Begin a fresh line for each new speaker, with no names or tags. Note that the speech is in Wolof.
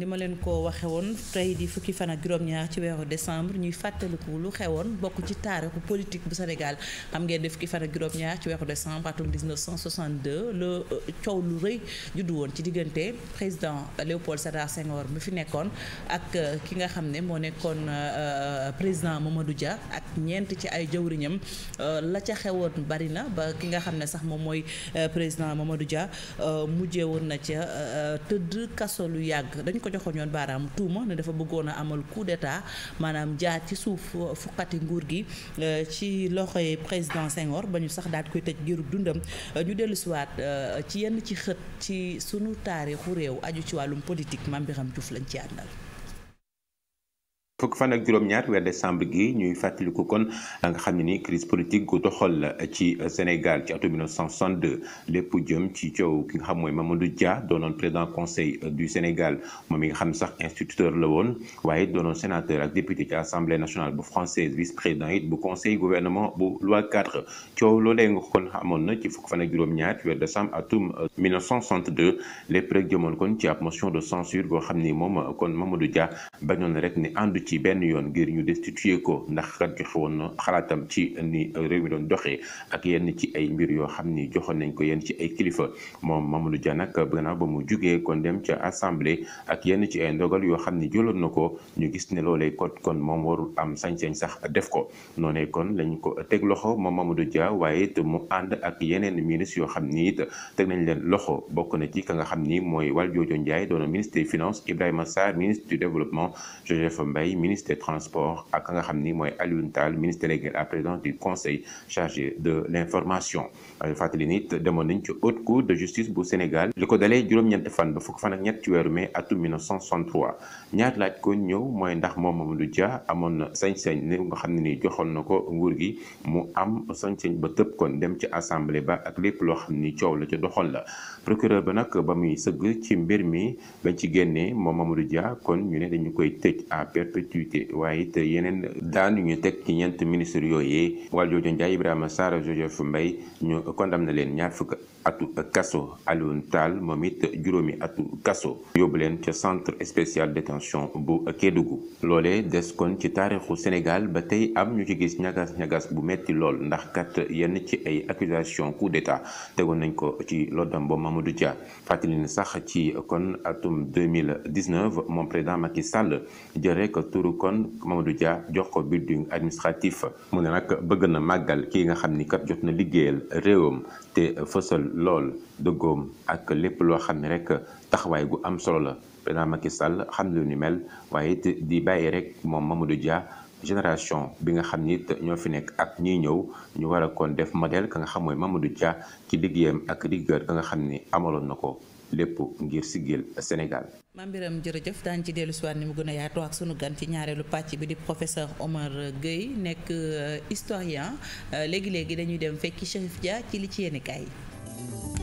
ni ma leen ko waxe woon tey di fukki fan ak juróom-ñaar ci weeru décembre ñuy fàttaliku lu xewoon bokk ci taarixu politique bu Sénégal xam ngeen di fukki fan ak juróom-ñaar ci weeru décembre atum 1962 la euh, coow lu rëy juddu woon ci diggante président Léopold Sédar Senghor bi fi nekkoon ak euh, ki nga xam ne moo nekkoon euh, président Mamadou Dia ak ñeent ci ay jëwriñam la ca xewoon bari na ba ki nga xam ne sax moom mooy président Mamadou Dia mujjee woon na ca tëdd kaso lu yàgg ko joxoñoon baaraam tuuma ne dafa bëggoon a amal coup d'état maanaam jaar ci suuf euh, fukkati nguur gi euh, ci loxoy président Senghor ba ñu sax daal koy tëj ngir dundam euh, ñu dellu siwaat ci yenn ci xët ci sunu taarixu réew aju ci wàllum politique Mame Birame Diouf lañ ci àndal
fukk fan ak juróom-ñaar weer décembre gi ñuy fàttaliku kon nga xam ne ni crise politique gu doxal ci Sénégal ci atum 1962 jëm ci coow ki nga xam mooy Mamadou Dia doonoon président conseil du Sénégal moom mi nga xam sax instituteur la woon waaye doonoon sénateur ak député ci assemblée nationale bu française vice président it bu conseil gouvernement bu loi 4 coow loolee nga kon amoon na ci fukk fan ak juróom-ñaar weer décembre atum 1962 lépp rek jëmoon kon ci ab ni moom kon Mamadou Dia ci benn yoon ngir ñu destituer ko ndax kat joxe woon na xalaatam ci ni réew mi doon doxee ak yenn ci ay mbir yoo xam ni joxoon nañ ko yenn ci ay kilifa moom Mamadou Dia nag gannaaw ba mu jugee kon dem ca assemblée ak yenn ci ay ndogal yoo xam ni jëloon na ko ñu gis ne loole kon kon moom warul am sañ-sañ sax def ko noonee kon lañ ko teg loxo moom Mamadou Dia waaye te mu ànd ak yeneen ministres yoo xam ni it teg nañ leen loxo bokk na ci ka nga xam ni mooy Valdiodio Ndiaye doon ministre des finances Ibrahima Sarr ministre du développement Joseph Mbaye ministre des transports ak nga xam ni mooy Alioune Tall ministre délégué à la présidence du conseil chargé de l'information fàttali nit demoon nañ ci haute cour de justice bu Sénégal li ko dalee juróom-ñetti fan ba fukk fan ak ñett ci weeru mai atum 1963 ñaar laaj ko ñëw mooy ndax moom Mamadou Dia amoon na sañ-sañ ne nga xam ne ni joxoon na ko nguur gi mu am sañ-sañ ba tëb kon dem ci assemblée ba ak lépp loo xam ni coow la ca doxoon la procureur ba nag ba muy sëgg ci mbir mi bañ ci génnee moom Mamadou Dia kon ñu ne dañu koy gratuité waaye it yeneen daan yu ñu teg ci ñeent ministre yooyee Valdiodio Ndiaye Ibrahima Sarr Joseph Mbaye ñu condamné leen ñaar fukk atu kaso Alioune Tall moom it juróomi atu kaso yóbbu leen ca centre spécial détention bu Kédougou loolee des kon ci taarixu Sénégal ba tey am ñu ci gis ñagas ñagas bu metti lool ndax kat yenn ci ay accusation coup d'état tegoon nañ ko ci loddam ba Mamadou Dia fàttali ne sax ci kon atum 2019 moom président Macky Sall jël rek turu kon Mamadou Dia jox ko building administratif mu ne nag bëgg na màggal kii nga xam ni kat jot na liggéeyal réewam te fësal lool dëggoom ak lépp loo xam ne rek taxawaay gu am solo la président Macky Sall xam lu ni mel waaye di bàyyi rek moom Mamadou Dia génération bi nga xam ni it ñoo fi nekk ak ñiy ñëw ñu war a kon def modèle ka nga xam mooy Mamadou Dia ci liggéeyam ak rigueur ka nga xam ni amaloon na ko lépp ngir siggil Sénégal.
Mame Birame jërëjëf daan ci dellu siwaat ni mu gën a yaatoo ak sunu gan ci ñaareelu pàcc bi di professeur Omar géey nekk euh, historien euh, léegi léegi dañuy dem fekki Chérif Dia ci li ci yéenekaay yi.